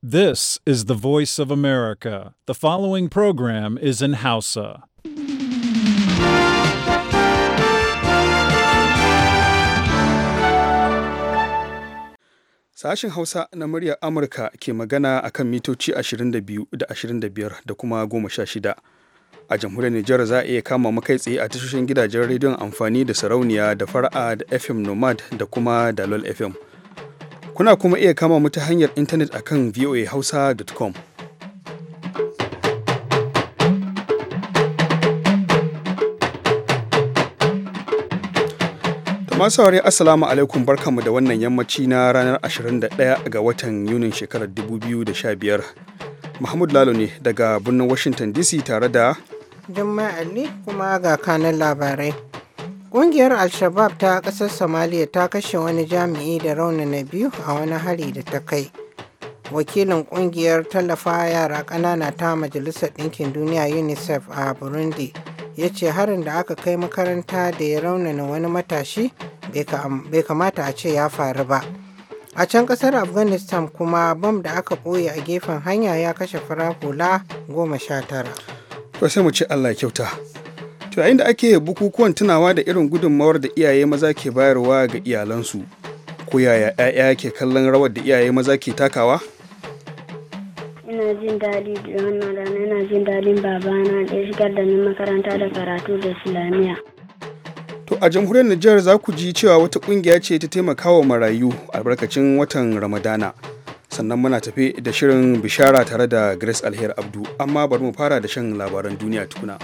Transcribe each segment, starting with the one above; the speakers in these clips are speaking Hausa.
This is the voice of America. The following program is in Hausa. Sashen Hausa na muryar Amurka ke magana a kan mitoci 22 da 25 da kuma 16. A jamhuriyar Nijar za a iya kama makai tsaye a tashoshin gidajen rediyon amfani da sarauniya da fara'a da FM Nomad da kuma Dalol FM. Kuna kuma iya kama mu ta hanyar intanet a kan voahausa.com. masu saurari 'asalamu alaikum barkanmu da wannan yammaci na ranar 21 ga watan yunin shekarar 2015 mahmud lalo ne daga birnin washington dc tare da jimma ali kuma ga kanan labarai Ƙungiyar Al-Shabaab ta ƙasar Somalia ta kashe wani jami'i da raunana biyu a wani hari da ta kai. Wakilin ƙungiyar tallafa yara ƙanana ta Majalisar Ɗinkin Duniya UNICEF a Burundi ya ce harin da aka kai makaranta da ya raunana wani matashi bai kamata a ce ya faru ba. A can ƙasar Afghanistan kuma bam da aka ɓoye a gefen hanya ya kashe fara hula goma sha tara. mu ce Allah kyauta. To yayin da ake bukukuwan tunawa da irin gudunmawar da iyaye maza ke bayarwa ga iyalansu, ko yaya 'ya'ya ke kallon rawar da iyaye maza ke takawa? ina jin daɗi da wannan rana ina jin daɗin babana da ya shigar da ni makaranta da karatu da islamiyya. To a jamhuriyar Nijar za ku ji cewa wata ƙungiya ce ta taimakawa marayu albarkacin watan Ramadana. Sannan muna tafe da shirin bishara tare da Grace Alher Abdu, amma bari mu fara da shan labaran duniya tukuna.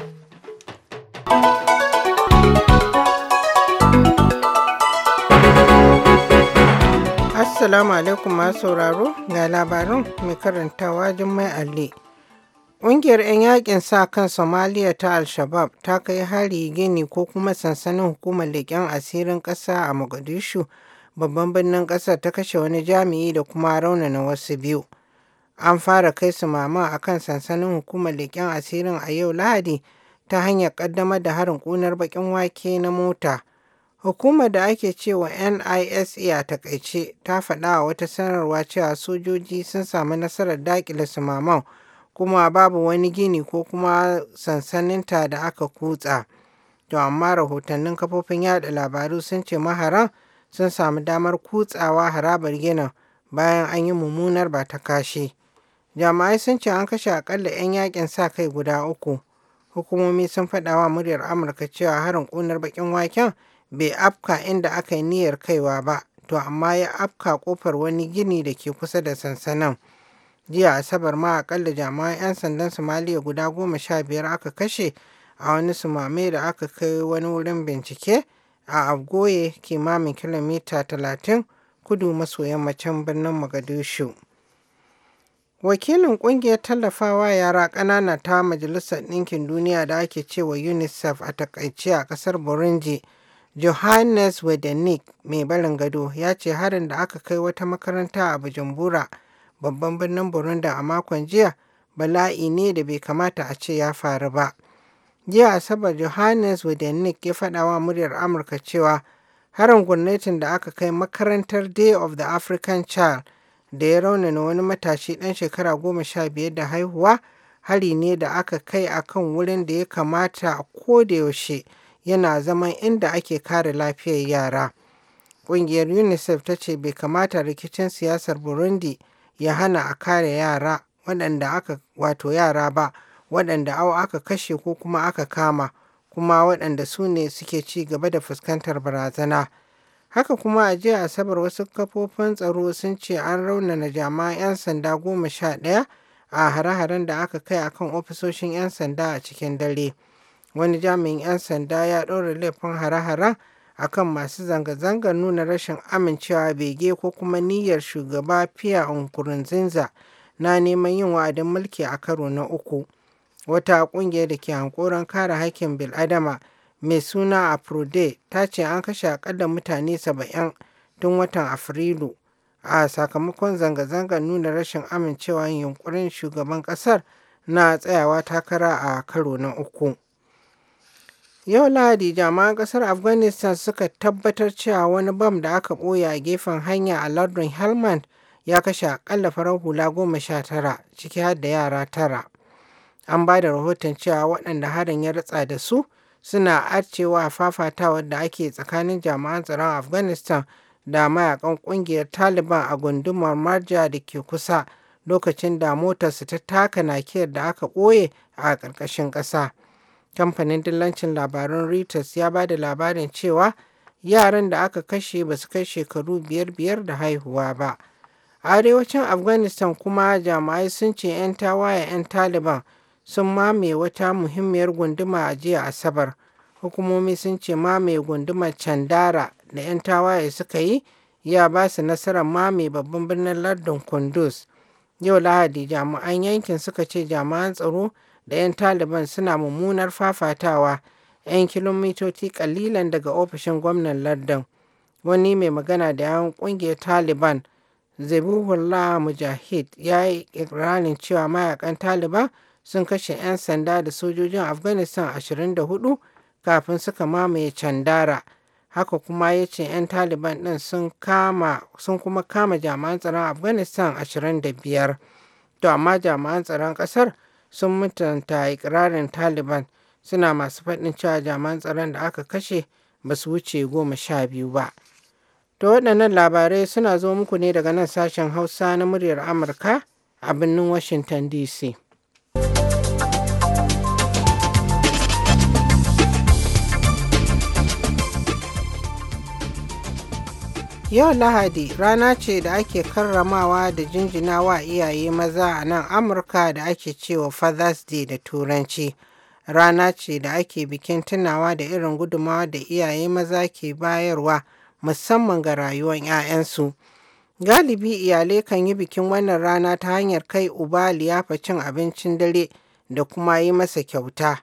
Assalamu alaikum masu sauraro ga labarin mai karantawa Jummai Alli. Ƙungiyar 'yan yakin sa kan Somaliya ta Al-Shabab ta kai hari gini ko kuma sansanin hukumar leƙen asirin ƙasa a Mogadishu babban birnin ƙasar ta kashe wani jami'i da kuma na wasu biyu. An fara kai su mama a kan sansanin hukumar leƙen asirin a yau Lahadi ta hanyar ƙaddamar da harin ƙunar baƙin wake na mota. Hukumar da ake cewa NISA e a takaice ta faɗa wa wata sanarwa cewa sojoji sun samu nasarar daƙile sumaman kuma babu wani gini ko kuma sansaninta da aka kutsa. To amma rahotannin kafofin yada labaru sun ce maharan sun samu damar kutsawa harabar ginin bayan an yi mummunar ba ta kashe. Jama'ai sun ce an kashe akalla 'yan yakin sa kai guda uku. hukumomi sun faɗa wa muryar amurka cewa harin ƙunar baƙin waken bai afka inda aka yi niyyar kaiwa ba to amma ya afka kofar wani gini da ke kusa da sansanin jiya asabar ma akalla jami'an 'yan sandan somaliya guda goma sha biyar aka kashe a wani sumame da aka kai wani wurin bincike a abgoye kimamin kilomita talatin kudu maso yammacin birnin Magadishu. Wakilin ƙungiyar tallafawa yara ƙanana ta Majalisar Ɗinkin Duniya da ake cewa UNICEF a takaice a ƙasar Burundi, Johannes Wedenik mai barin gado ya ce harin da aka kai wata makaranta a Bujumbura, babban birnin Burundi a makon jiya, bala'i ne da bai kamata a ce ya faru ba. Jiya Asabar Johannes Wedenik ya faɗa wa muryar Amurka cewa harin gwamnatin da aka kai makarantar Day of the African Child da ya raunana wani matashi ɗan shekara goma sha biyar da haihuwa hari ne da aka kai a kan wurin da ya kamata ko da yaushe yana zaman inda ake kare lafiyar yara. Ƙungiyar UNICEF ta ce bai kamata rikicin siyasar Burundi ya hana a kare yara waɗanda aka wato yara ba waɗanda au aka kashe ko kuma aka kama kuma waɗanda su ne suke ci gaba da fuskantar barazana. Haka kuma a jiya Asabar wasu kafofin tsaro sun ce an raunana jami'an 'yan sanda goma sha ɗaya a hare-haren da aka kai akan ofisoshin 'yan sanda a cikin dare. Wani jami'in 'yan sanda ya ɗora laifin hare-haren akan masu zanga-zangar nuna rashin amincewa bege ko kuma niyyar shugaba Pierre Nkurunziza na neman yin wa'adin mulki a karo na uku. Wata ƙungiyar da ke hankoron kare haƙƙin bil'adama mai suna Afrode ta ce an kashe akalla mutane saba'in tun watan Afrilu a sakamakon zanga-zangar nuna rashin amincewa yunkurin shugaban kasar na tsayawa takara a karo na uku. Yau Lahadi jama'an kasar Afghanistan suka tabbatar cewa wani bam da aka ɓoye a gefen hanya a London Helmand ya kashe akalla farar hula goma sha tara ciki har da yara tara. An ba da rahoton cewa waɗanda harin ya ratsa da su suna arcewa a da ake tsakanin jami'an tsaron afghanistan da mayakan kungiyar taliban a gundumar marja da ke kusa lokacin da motarsu ta taka nakiyar da aka ɓoye a ƙarƙashin ƙasa kamfanin dillancin labarun reuters ya ba da labarin cewa yaran da aka kashe ba su kai shekaru biyar biyar da haihuwa ba arewacin afghanistan kuma jami'ai sun ce 'yan tawaye 'yan taliban sun mame wata muhimmiyar gunduma a jiya Asabar. Hukumomi sun ce mame gunduma Candara da 'yan tawaye suka yi ya ba su nasarar mame babban birnin lardin Kunduz. Yau Lahadi jami'an yankin suka ce jami'an tsaro da 'yan Taliban suna mummunar fafatawa 'yan kilomitoci kalilan daga ofishin gwamnan lardin. Wani mai magana da yawon kungiyar Taliban Zabihullah Mujahid ya yi ikirarin cewa mayakan Taliban sun kashe 'yan sanda da sojojin afghanistan 24 kafin suka mamaye candara haka kuma ya ce 'yan taliban ɗin sun kuma kama jami'an tsaron afghanistan 25 to amma jami'an tsaron ƙasar sun mutunta ikirarin taliban suna masu faɗin cewa jami'an tsaron da aka kashe ba su wuce goma sha biyu ba to waɗannan labarai suna zo muku ne daga nan sashen hausa na muryar amurka a birnin washington dc Yau Lahadi rana ce da ake karramawa da jinjinawa iyaye maza a nan Amurka da ake cewa Father's Day da Turanci. Rana ce da ake bikin tunawa da irin gudumawa da iyaye maza ke bayarwa musamman ga rayuwar 'ya'yansu. Galibi iyalai kan yi bikin wannan rana ta hanyar kai uba liyafa cin abincin dare da kuma yi masa kyauta.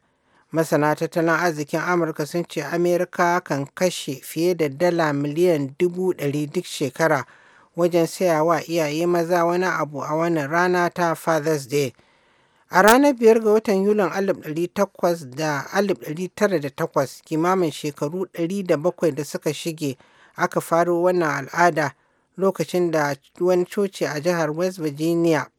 Masana tattalin arzikin Amurka sun ce Amerika kan kashe fiye da dala miliyan dubu ɗari duk shekara wajen saya wa iyaye maza wani abu a wannan rana ta Father's Day. A ranar biyar ga watan Yulin 1908 kimamin shekaru 107 da suka shige aka faro wannan al'ada lokacin da wani coci a jihar West Virginia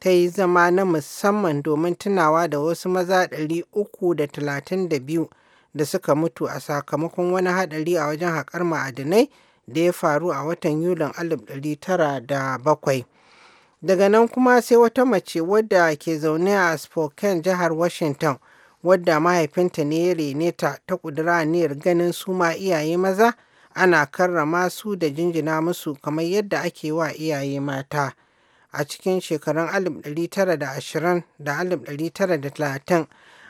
ta yi zama na musamman domin tunawa da wasu maza 332 da suka mutu a sakamakon wani haɗari a wajen haƙar ma'adinai da ya faru a watan Yulin 1907. Daga nan kuma sai wata mace wadda ke zaune a Spokane jihar Washington wadda mahaifinta ne ya rene ta ta ƙudura niyyar ganin su ma iyaye maza ana karrama su da jinjina musu kamar yadda ake wa iyaye mata. a cikin shekarun 1920 da 1930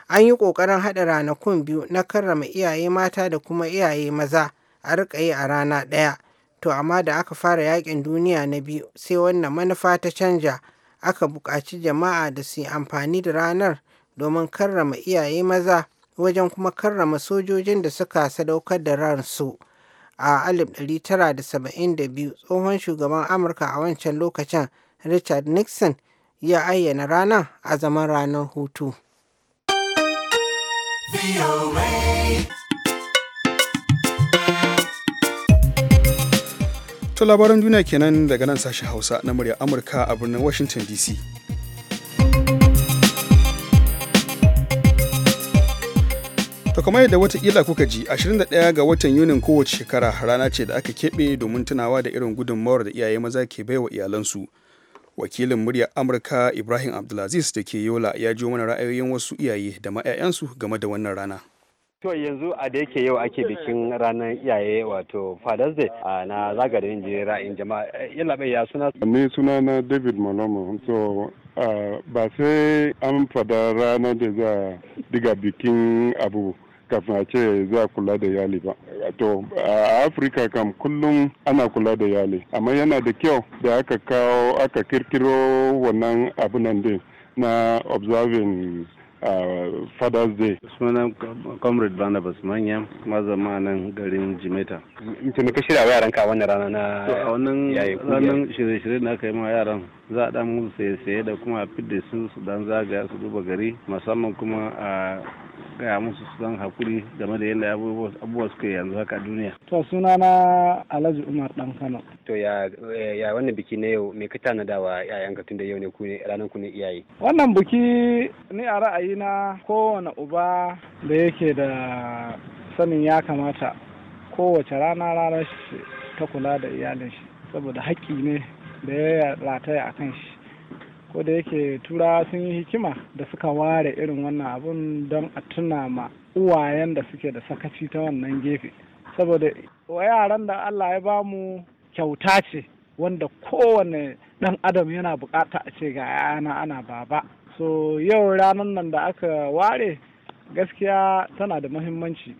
an yi ƙoƙarin haɗa ranakun biyu na karrama iyaye mata da kuma iyaye maza a riƙa yi a rana ɗaya to amma da aka fara yakin duniya na biyu sai wannan manufa ta canja aka buƙaci jama'a da su yi amfani da ranar domin karrama iyaye maza wajen kuma karrama sojojin da suka sadaukar da ransu a 1972 tsohon shugaban amurka a wancan lokacin richard nixon ya ayyana rana a zaman ranar hutu To labaran duniya kenan daga nan sashen Hausa na murya Amurka a birnin Washington DC. To kamar yadda watakila kuka ji 21 ga watan Yunin kowace shekara rana ce da aka keɓe domin tunawa da irin gudunmawar da iyaye maza ke baiwa iyalansu. wakilin muryar amurka ibrahim abdulaziz da ke yola ya ji mana ra'ayoyin wasu iyaye da ma 'ya'yansu game da wannan rana To yanzu a da yake yau ake bikin ranar iyaye wato Father's Day a na zagarin ra'ayin jama'a yalla ya suna ne suna na David Malomo so ba sai an fada ranar da za diga bikin abu kafin a ce za a kula da yali ba to a afirka kam kullum ana kula da yali amma yana da kyau da aka kawo aka kirkiro wannan abunan din na observing uh, father's day sunan comrade barnabas manya mazama nan garin jimeta mutum ka shirya wa ka wannan rana na a wannan ranar shirye-shirye da aka yi ma yaran za a ɗan musu saye-saye da kuma a fidda su su dan zagaya su duba gari musamman kuma a gaya musu su zan hakuri game da yadda abubuwa suka yanzu haka duniya. To suna na Alhaji Umar Dan Kano. To ya ya wannan biki na yau me ka dawa 'ya'yan tun da yau ne ku ne ranar ku iyaye. Wannan biki ni a ra'ayi na kowane uba da yake da sanin ya kamata kowace rana rana ta kula da iyalin shi saboda haƙƙi ne da ya rataya a kan shi. ko da yake tura sun yi hikima da suka ware irin wannan abun don a tuna ma uwayen da suke da sakaci ta wannan gefe saboda wa yaran da allah ya bamu kyauta ce wanda kowane dan adam yana bukata a ce ga yana ana baba so yau ranar nan da aka ware gaskiya tana da muhimmanci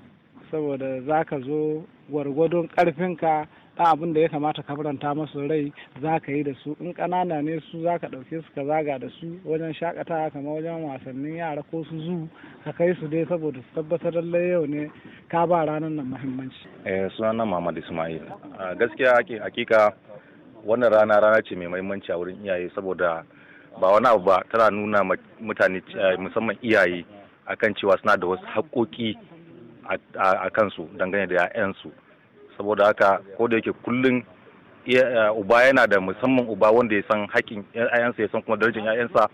saboda za ka zo gwargwadon karfinka. dan abin da ya kamata ka faranta masu rai za ka yi da su in kanana ne su za ka ɗauke su ka zaga da su wajen shakatawa kamar wajen wasannin yara ko su zu ka kai su dai saboda su tabbatar da yau ne ka ba ranar nan muhimmanci. Eh, sunana Muhammad Ismail. Gaskiya hakika wannan rana rana ce mai mahimmanci a wurin iyaye saboda ba wani abu ba tana nuna mutane eh, musamman iyaye akan cewa suna da wasu haƙoƙi a kansu dangane da 'ya'yansu. saboda haka ko da yake kullum eh, uba yana da musamman uba wanda ya san hakkin 'ya'yansa ya san kuma darajar 'ya'yansa,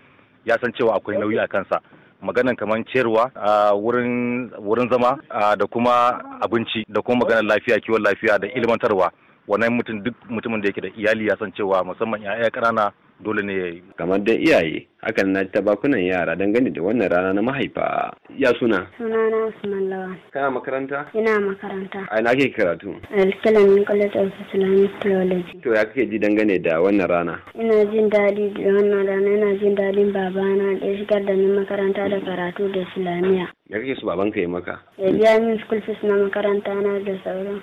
ya san cewa akwai nauyi a kansa maganan kamar ciyarwa a wurin zama da kuma abinci da kuma maganar lafiya kiwon lafiya da ilmantarwa wannan mutum duk mutumin da yake da iyali ya san cewa musamman 'ya'ya ƙanana dole ne ya yi kamar dai iyaye hakan na ta bakunan yara dangane da wannan rana na mahaifa ya suna sunana usman lawan kana makaranta ina makaranta a ina kake karatu alkalam college of islamic theology to ya kake ji dangane da wannan rana ina jin daɗi da wannan rana ina jin daɗin babana da shigar da ni makaranta da karatu da islamiyya ya kake su baban ka yi maka ya biya min school fees na makaranta na da sauran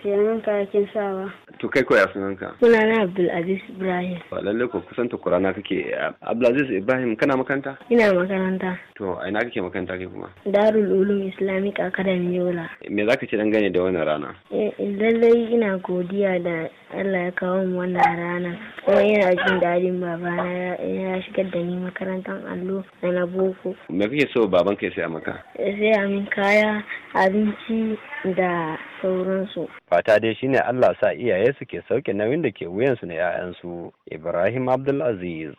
siya min kayakin sawa to kai ko ya sunanka sunana abdulaziz ibrahim lallai ko kusan ta kurana kake abdulaziz Aziz Ibrahim kana makaranta? Ina makaranta. To a ina kake makaranta kai kuma? Darul Ulum Islamic Academy Yola. Me za ka ce dangane da wannan rana? Eh, eh, lallai ina godiya da Allah ya kawo mu wannan rana. Kuma ina jin daɗin babana ya shigar da ni makarantar allo da na boko. Me kake so baban ka ya saya maka? saya min kaya, abinci da sauransu. Fata dai shine Allah sa iyaye su ke sauke nauyin da ke wuyansu na 'ya'yansu. Ibrahim Abdulaziz.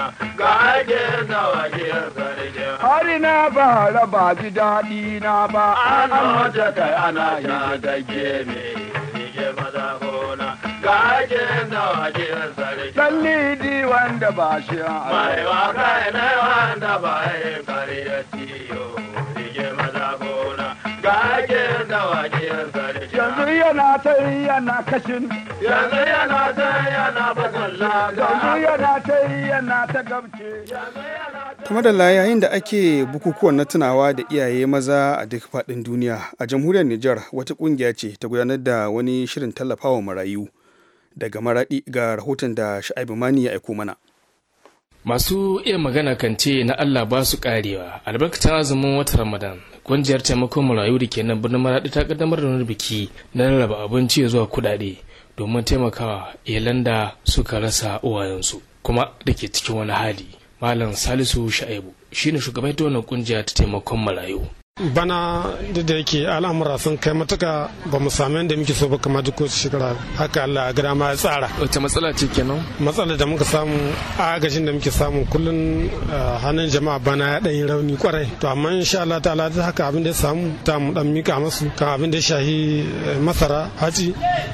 Hari na ba raba ji daɗi na ba. An hoja kai ana ya dage ne, ike maza gona. Gaje na waje sarki. di wanda ba shi a. Mai wa kai ne wanda ba yi kariya ciyo. yanzu yana ta yana kashin yanzu yana ta yana yanzu yana ta yana ta gamce kuma da yayin da ake bukukuwan na tunawa da iyaye maza a duk faɗin duniya a jamhuriyar Nijar wata ƙungiya ce ta gudanar da wani shirin tallafawa marayu daga maraɗi ga rahoton da sha'ibu mani ya aiko mana masu iya magana kan na allah ba su ƙarewa albarkata azumin watan ramadan Kungiyar taimakon marayu da ke nan birnin Maraɗi ta kaddamar da wani biki na rarraba abinci zuwa kuɗaɗe domin taimakawa iyalan da suka rasa uwayensu kuma da ke cikin wani hali. Malam Salisu Sha'ibu shine shugaban ta wannan kungiya ta taimakon marayu. bana da yake al'amura sun kai matuka ba mu sami yadda muke so ba kama duk wasu shekara haka Allah a gida ma ya tsara Wata matsala ce kenan matsala da muka samu agajin da muke samu kullum hannun jama'a bana ya ɗanyi rauni kwarai to amma insha Allah ta'ala da haka abin da ya samu ta mu ɗan mika masu kan abin da ya shahi eh, masara haji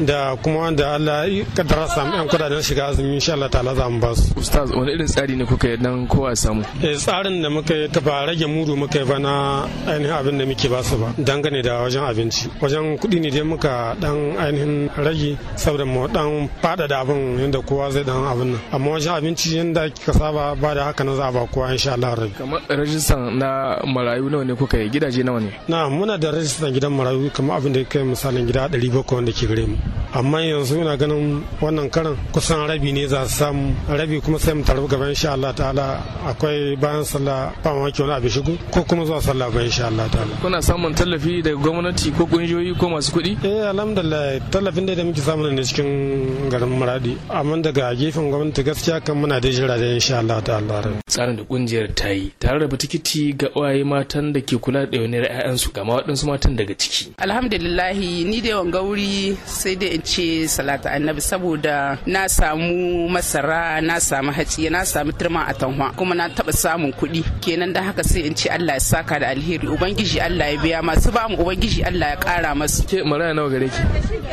da kuma wanda Allah ya kaddara samu ƴan kudaden shiga azumi insha Allah ta'ala za mu ba su ustaz wani irin tsari ne kuka yi dan kowa samu eh, tsarin da muka yi ba rage mudu muka yi bana ainihin abin da muke basu ba dangane da wajen abinci wajen kuɗi ne dai muka dan ainihin rage saboda mu dan fada da abin yadda kowa zai dan abin nan amma wajen abinci yadda kika saba ba da haka na za a ba kowa insha Allah rabi kamar rajistan na marayu nawa ne kuka yi gidaje nawa ne na muna da rajistan gidan marayu kamar abin da kai misalin gida 700 wanda ke gare mu amma yanzu ina ganin wannan karan kusan rabi ne za su samu rabi kuma sai mu tarbi gaba insha Allah ta'ala akwai bayan sallah ba mamaki wani abin shigo ko kuma zuwa sallah ba insha Allah ta'ala kuna samun tallafi daga gwamnati ko kungiyoyi ko masu kuɗi eh alhamdulillah tallafin da muke samu ne cikin garin Maradi amma daga gefen gwamnati gaskiya kan muna da jira da insha Allah ta'ala tsarin da kungiyar ta yi tare da tikiti ga waye matan da ke kula da yawanin su ga waɗansu matan daga ciki alhamdulillah ni da wanga wuri sai dai in ce salatu annabi saboda na samu masara na samu haci na samu turma a tanwa kuma na taba samun kuɗi kenan da haka sai in ce Allah ya saka da alheri ubangiji Allah ya biya masu ba mu ubangiji Allah ya kara masu ke maraya nawa gare ki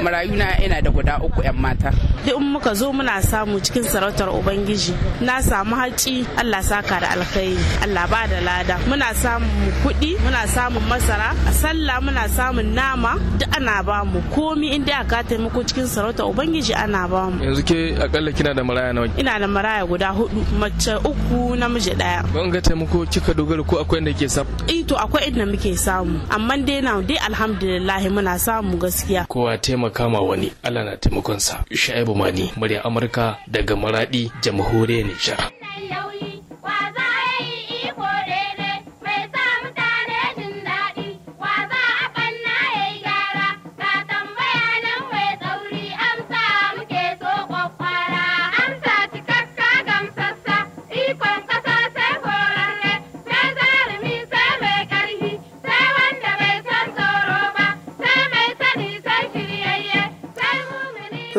marayuna ina da guda uku yan mata duk muka zo muna samu cikin sarautar ubangiji na samu haƙi Allah saka da alkhairi Allah ba da lada muna samun kuɗi muna samun masara a sallah muna samun nama duk ana ba mu komi inda aka taimako cikin sarautar ubangiji ana ba mu yanzu ke akalla kina da maraya nawa ina da maraya guda hudu mace uku namiji daya ban ga taimako kika dogara ko akwai inda ke sab eh to akwai inda da muke samu amma dai na dai alhamdulillah muna samu gaskiya kowa taimaka ma wani Allah na taimakon sa Shaibu Mani murya Amurka daga Maradi jamhuriyar Nijar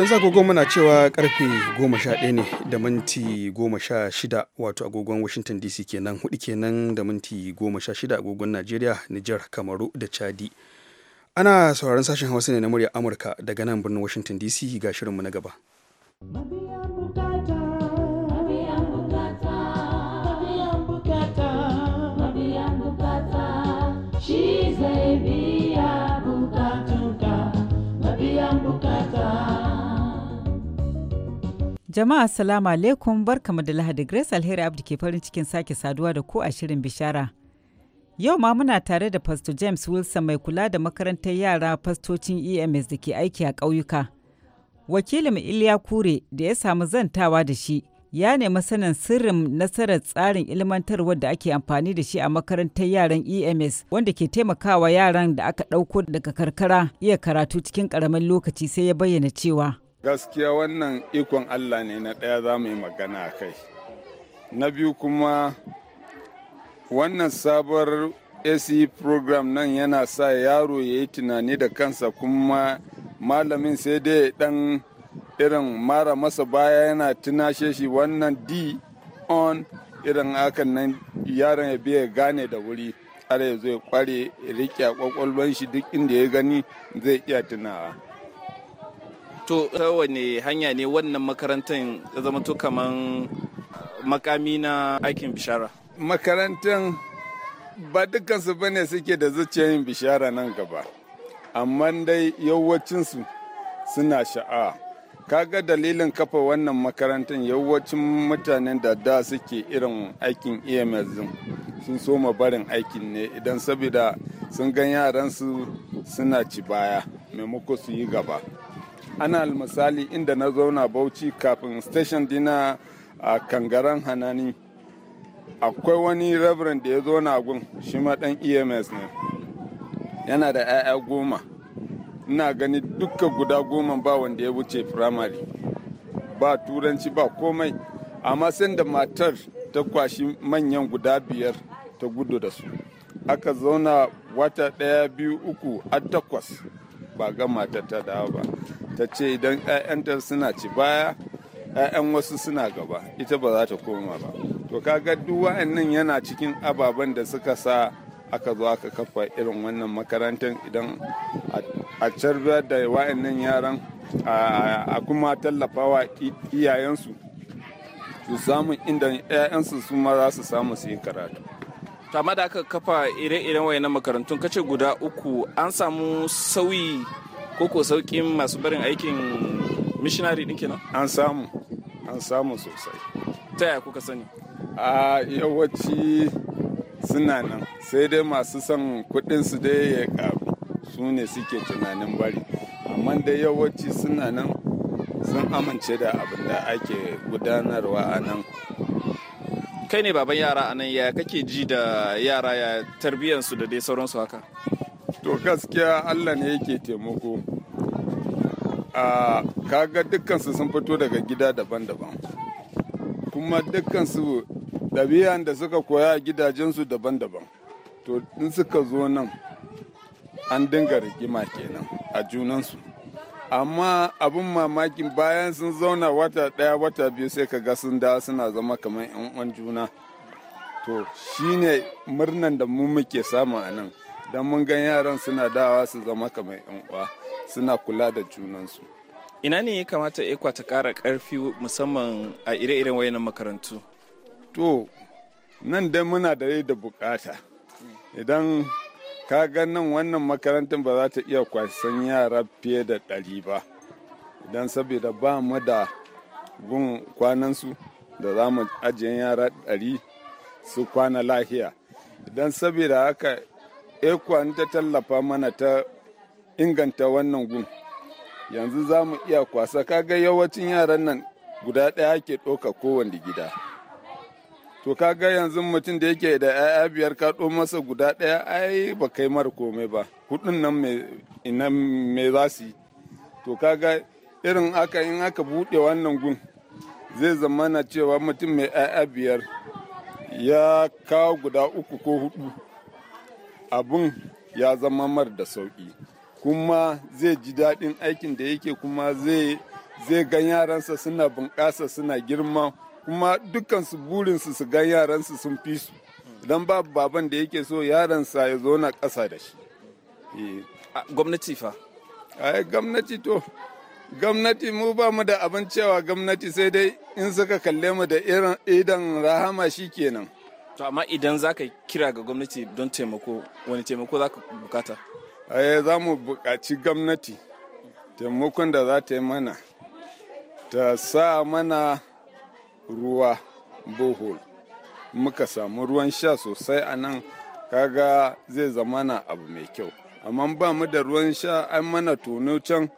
yanzu agogon muna cewa karfe 11 ne da minti 16 wato agogon washington dc kenan hudu kenan da minti 16 agogon nigeria niger kamaru da chadi ana sauraron sashen hausa ne na murya amurka daga nan birnin washington dc ga shirinmu na gaba. Jama'a assalamu alaikum barkamu da Lahadi Grace Alheri Abdi ke farin cikin sake saduwa da ku a shirin bishara. Yau ma muna tare da Pastor James Wilson mai kula da makarantar yara fastocin EMS da ke aiki a ƙauyuka. Wakilin Iliya Kure da ya samu zantawa da shi ya nemi sanin sirrin nasarar tsarin ilmantarwar da ake amfani da shi a makarantar yaran EMS wanda ke taimakawa yaran da aka ɗauko daga karkara iya karatu cikin ƙaramin lokaci sai ya bayyana cewa. gaskiya wannan ikon allah ne na ɗaya za mu yi magana a kai na biyu kuma wannan sabar ac program nan yana sa yaro ya yi tunani da kansa kuma malamin sai dai dan irin mara masa baya yana tunashe shi wannan d on irin hakan nan yaron ya biya gane da wuri har ya zo ya kware rike kwakwalwan shi duk inda ya gani zai iya tunawa to ta wane hanya ne wannan makarantar zama to kaman makami na aikin bishara makarantar ba dukansu ba ne suke da zuciyar yin bishara nan gaba amma dai yawancinsu suna sha'a kaga dalilin kafa wannan makarantar yawancin mutanen da da suke irin aikin ems din sun soma barin aikin ne idan saboda sun gan yaransu suna ci baya maimako su yi gaba ana misali inda na zauna bauchi kafin station dina a kangaren hanani akwai wani reverend da ya zauna na gun shi ma dan ems ne yana da 'ya'ya goma ina gani duka guda goma ba wanda ya wuce firamare ba turanci ba komai amma sai da matar ta kwashi manyan guda biyar ta gudu da su aka zauna wata ɗaya biyu uku a takwas ba ga matar ta dawo ba ta ce idan 'ya'yanta suna ci baya 'ya'yan wasu suna gaba ita ba za ta koma ba to kaga duk wa'annan yana cikin ababen da suka sa aka zo aka kafa irin wannan makarantar idan a carbiyar da wa'annan yaran a kuma tallafawa iyayensu su samu inda 'ya'yansu su ma za su samu su yi karatu ta da aka kafa ire-iren wayannan makarantun kace guda uku an samu sauyi ko ko saukin masu barin aikin missionary din kenan an samu an samu sosai ta yaya kuka sani a yawanci suna nan sai dai masu son kudin su dai ya ƙaru su ne suke tunanin bari amma da yawanci suna nan sun amince da abin da ake gudanarwa a nan kai ne baban yara a nan ya kake ji da yara ya tarbiyyansu da dai sauransu haka to gaskiya allah ne yake taimako a kaga dukkansu sun fito daga gida daban-daban kuma dukkansu ɗabi'an da suka koya a gidajensu daban-daban to in suka zo nan an dinga rigima kenan a junansu amma abin mamakin bayan sun zauna wata ɗaya wata biyu sai ka ga sun dawo suna zama kamar yan uwan juna to ne murnan da mu muke samu a nan don mun gan yaran suna dawa su zama kamar yan uwa suna kula da junansu ina ne ya kamata ekwa ta kara karfi musamman a ire-iren wayanan makarantu to nan dai muna da da bukata idan ka ga nan wannan makarantar ba za ta iya kwasan yara fiye da ɗari ba don saboda ba mu da gun kwanansu da za mu ajiye yara ɗari su kwana lahiya don saboda haka ekwan ta tallafa mana ta inganta wannan gun yanzu za mu iya kwasa kaga yawancin yaran nan guda ɗaya ke ɗauka kowane gida to kaga yanzu mutum da yake da 'ya'ya biyar ka masa guda ɗaya ai ba kai mara komai ba hudun nan ina me za su yi to kaga irin aka in aka buɗe wannan gun zai zamana cewa mutum mai 'ya'ya biyar ya kawo guda uku ko hudu abun ya zama mar da sauƙi kuma zai ji daɗin aikin da yake kuma zai gan yaransa suna bunƙasa suna girma kuma dukkansu burinsu su yaran yaransu sun fi su don babu baban da yake so sa ya zo na ƙasa da shi eh. gwamnati fa ai gwamnati to gwamnati mu ba mu da abin cewa gwamnati sai dai in suka kalle mu da irin idan rahama shi kenan to amma idan za ka kira ga gwamnati don taimako wani taimako za ka bukata ai za mu buƙaci gwamnati taimakon da za ta yi mana ta sa mana ruwa bohol muka samu ruwan sha sosai a nan kaga zai zamana abu mai kyau amma ba mu da ruwan sha an mana tono can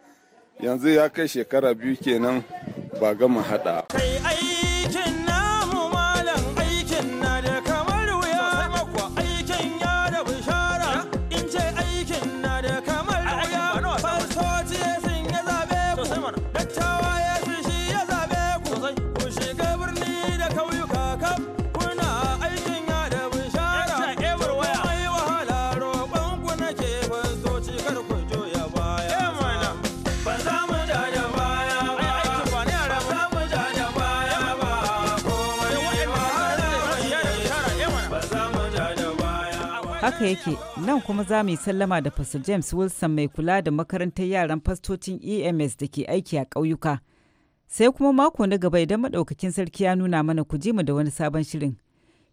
yanzu ya kai shekara biyu kenan ba gama haɗa. haka yake nan kuma za mu yi sallama da pastor james wilson mai kula da makarantar yaran fastocin ems da ke aiki a ƙauyuka sai kuma mako na gaba idan maɗaukakin sarki ya nuna mana ku ji mu da wani sabon shirin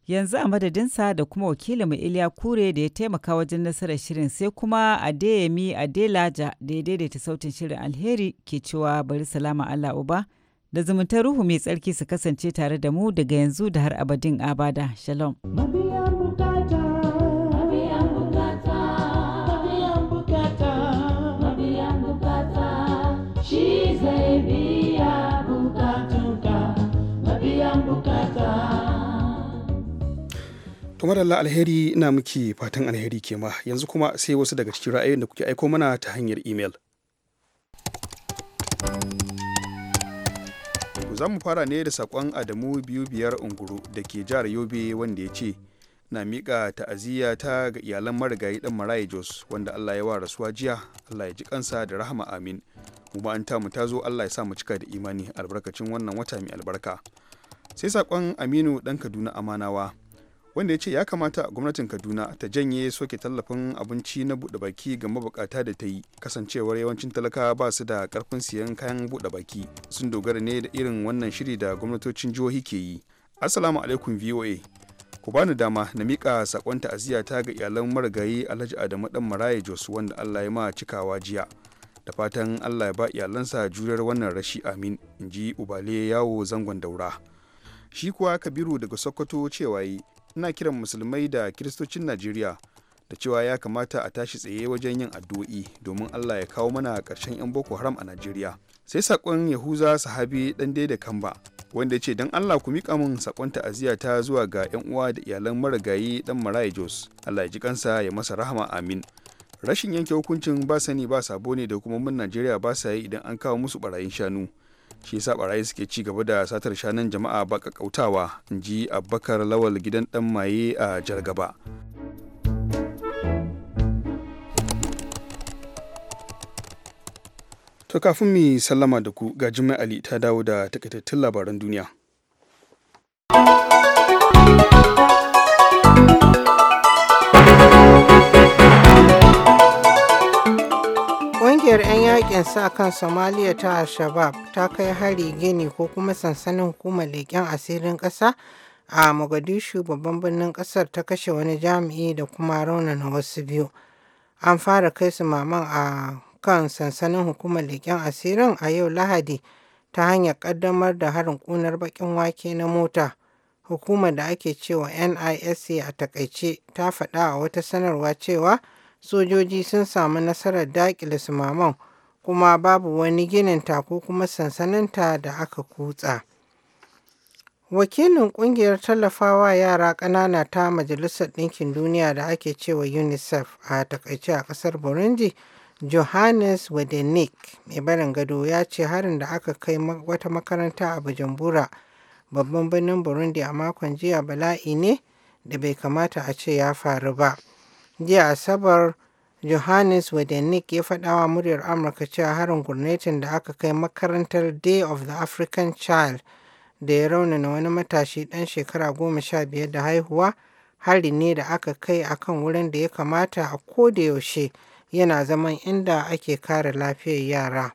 yanzu a madadinsa da kuma wakilin mu iliya kure da ya taimaka wajen nasarar shirin sai kuma adeyemi adelaja da ya daidaita sautin shirin alheri ke cewa bari salama allah uba da zumuntar ruhu mai tsarki su kasance tare da mu daga yanzu da har abadin abada shalom to madalla alheri ina muke fatan alheri ke ma yanzu kuma sai wasu daga cikin ra'ayoyin da kuke aiko mana ta hanyar imel za mu fara ne da sakon adamu biyu biyar unguru da ke jihar yobe wanda ya ce na miƙa ta'aziyya ta ga iyalan marigayi ɗan maraya jos wanda allah ya wa rasuwa jiya allah ya ji kansa da rahama amin mu ba an mu ta zo allah ya sa mu cika da imani albarkacin wannan wata mai albarka sai sakon aminu ɗan kaduna amanawa wanda ya ce ya kamata gwamnatin kaduna ta janye soke tallafin abinci na buɗe baki ga mabukata da ta yi kasancewar yawancin talakawa ba su da karfin siyan kayan buɗe baki sun dogara ne da irin wannan shiri da gwamnatocin jihohi ke yi assalamu alaikum voa ku bani dama na miƙa saƙon ta'aziyya ta ga iyalan marigayi alhaji adamu dan maraya jos wanda allah ya ma cikawa jiya da fatan allah ya ba iyalansa juriyar wannan rashi amin in ji ubale yawo zangon daura shi kuwa kabiru daga sokoto cewa yi ina kiran musulmai da kiristocin najeriya da cewa ya kamata a tashi tsaye wajen yin addu'o'i domin allah ya kawo mana ƙarshen 'yan boko haram a najeriya sai saƙon yahuza sahabi ɗan da kamba wanda ya ce don allah ku miƙa min saƙon ta'aziyya ta zuwa ga 'yan uwa da iyalan marigayi ɗan maraya jos allah ya ji kansa ya masa rahama amin rashin yanke hukuncin ba sani ba sabo ne da kuma hukumomin najeriya ba sa yi idan an kawo musu barayin shanu shi yasa barayi suke ci gaba da satar shanun jama'a baka kautawa in ji abubakar lawal gidan dan maye a jargaba to kafin mu sallama da ku ga jimai ali ta dawo da takaitattun labaran duniya Ƙungiyar 'yan yakin sa kan Somalia ta al ta kai hari gini ko kuma sansanin hukumar leƙen asirin ƙasa a Mogadishu babban birnin ƙasar ta kashe wani jami'i da kuma raunana wasu biyu. An fara kai su maman a kan sansanin hukumar leƙen asirin a yau Lahadi ta hanyar ƙaddamar da harin ƙunar baƙin wake na mota. Hukumar da ake cewa NISA a takaice ta faɗa a wata sanarwa cewa sojoji sun samu nasarar daƙile sumaman kuma babu wani gininta ko kuma sansaninta da aka kutsa. Wakilin ƙungiyar tallafawa yara ƙanana ta Majalisar Ɗinkin Duniya da ake cewa UNICEF a takaice a ƙasar Burundi, Johannes Wedenik, mai barin gado ya ce harin da aka kai wata makaranta a Bujumbura, babban birnin Burundi a makon jiya bala'i ne da bai kamata a ce ya faru ba. jiya asabar johannes wadannik ya faɗa wa muryar amurka cewa harin gurnetin da aka kai makarantar day of the african child da ya raunana wani matashi ɗan shekara goma sha biyar da haihuwa hari ne da aka kai akan wurin da ya kamata a kodayaushe yana zaman inda ake kare lafiyar yara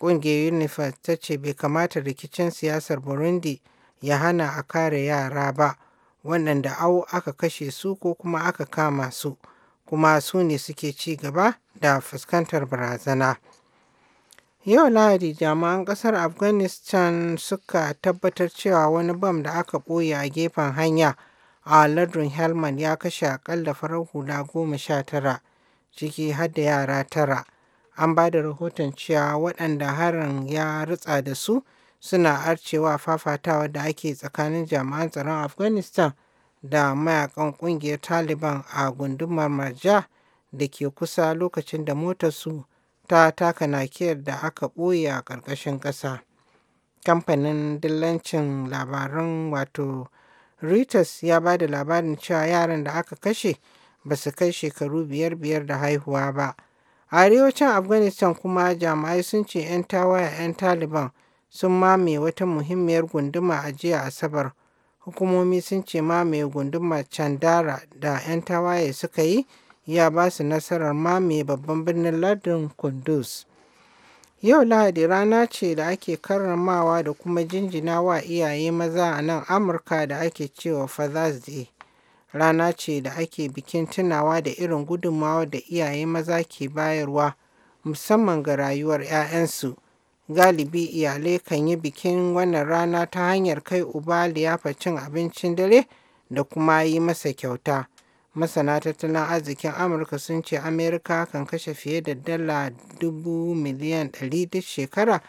ƙungiyar unifas ta ce bai kamata rikicin siyasar burundi ya hana a kare yara ba waɗanda au aka kashe su ko kuma aka kama su kuma su ne suke ci gaba da fuskantar barazana. Yau Lahadi jami'an ƙasar Afghanistan suka tabbatar cewa wani bam da aka ɓoye a gefen hanya a lardin Helmand ya kashe aƙalla farar hula goma sha tara ciki har da yara tara. An ba da rahoton cewa waɗanda harin ya rutsa da su suna arcewa fafatawa da ake tsakanin jami'an tsaron afghanistan da mayakan kungiyar taliban a gundumar marja da ke kusa lokacin da motarsu ta taka nakiyar da aka ɓoye a ƙarƙashin ƙasa kamfanin dillancin labaran wato reuters ya ba da labarin cewa yaran da aka kashe ba su kai shekaru biyar biyar da haihuwa ba a arewacin afghanistan kuma jami'ai sun ce 'yan tawaya 'yan taliban sun mame wata muhimmiyar gunduma a jiya Asabar. Hukumomi sun ce mame gunduma Chandara da 'yan tawaye suka yi ya ba su nasarar mame babban birnin lardin Kunduz. Yau Lahadi rana ce da ake karramawa da kuma jinjina wa iyaye maza a nan Amurka da ake cewa Father's Day. Rana ce da ake bikin tunawa da irin gudunmawa da iyaye maza ke bayarwa musamman ga rayuwar 'ya'yansu. Galibi iyalai kan yi bikin wannan rana ta hanyar kai uba liyafa cin abincin dare da kuma yi masa kyauta. Masana tattalin arzikin Amurka sun ce Amerika kan kashe fiye da dala dubu miliyan ɗari shekara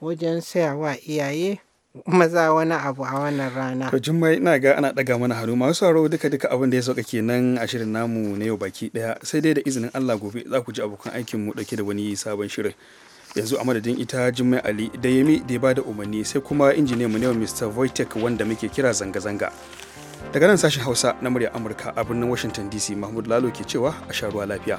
wajen sayawa wa iyaye maza wani abu a wannan rana. To jummai ina ga ana daga mana hannu masu sauro duka duka abin da ya sauka kenan a shirin namu na yau baki daya sai dai da izinin Allah gobe za ku ji abokan aikin mu ɗauke da wani sabon shirin. yanzu a madadin ita jimai ali da yami da ya bada umarni sai kuma injiniyan mu ne mr voitek wanda muke kira zanga-zanga daga nan sashen hausa na murya amurka a birnin washington dc mahmud lalo ke cewa a sha ruwa lafiya